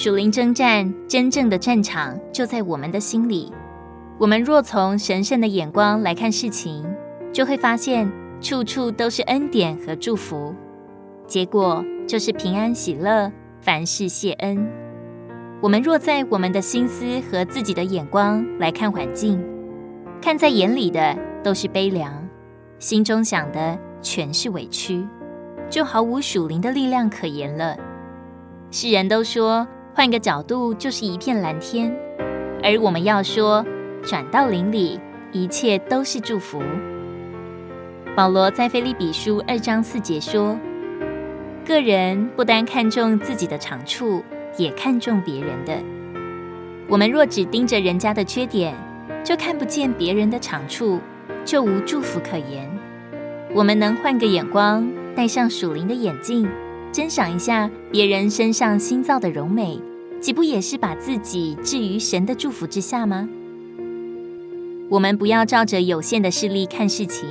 屬靈征戰，真正的戰場就在我們的心裡。我們若從神聖的眼光來看事情，就會發現處處都是恩典和祝福，結果就是平安喜樂，凡事謝恩。我們若在我們的心思和自己的眼光來看環境，看在眼裡的都是悲涼，心中想的全是委屈，就毫無屬靈的力量可言了。世人都說，換個角度，就是一片藍天。而我們要說，轉到鄰里，一切都是祝福。保羅在腓立比書二章四節說：“個人不單看重自己的長處，也看重別人的。我們若只盯着人家的缺點，就看不見別人的長處，就無祝福可言。我們能換個眼光，戴上屬靈的眼鏡，欣賞一下別人身上新造的柔美。”豈不也是把自己置於神的祝福之下嗎？我們不要照着有限的視力看事情。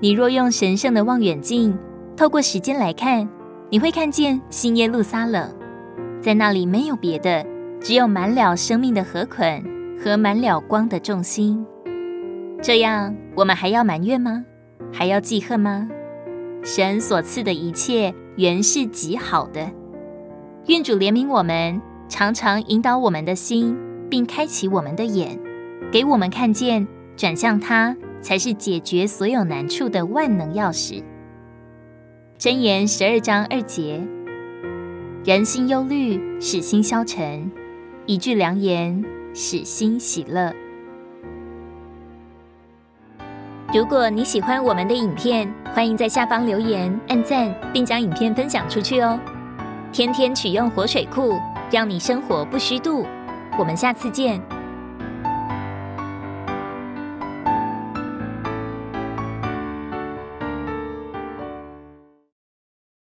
你若用神聖的望遠鏡，透過時間來看，你會看見新耶路撒冷，在那裡沒有別的，只有滿了生命的河捆、和滿了光的眾星。這樣，我們還要埋怨嗎？還要記恨嗎？神所賜的一切原是極好的。願主憐憫我們。常常引導我們的心，並開啟我們的眼，給我們看見，轉向他，才是解決所有難處的萬能鑰匙。箴言十二章二節：人心憂慮，使心消沉，一句良言，使心喜樂。如果你喜歡我們的影片，歡迎在下方留言、按贊，並將影片分享出去哦。天天取用活水庫。讓你生活不虛度，我們下次見。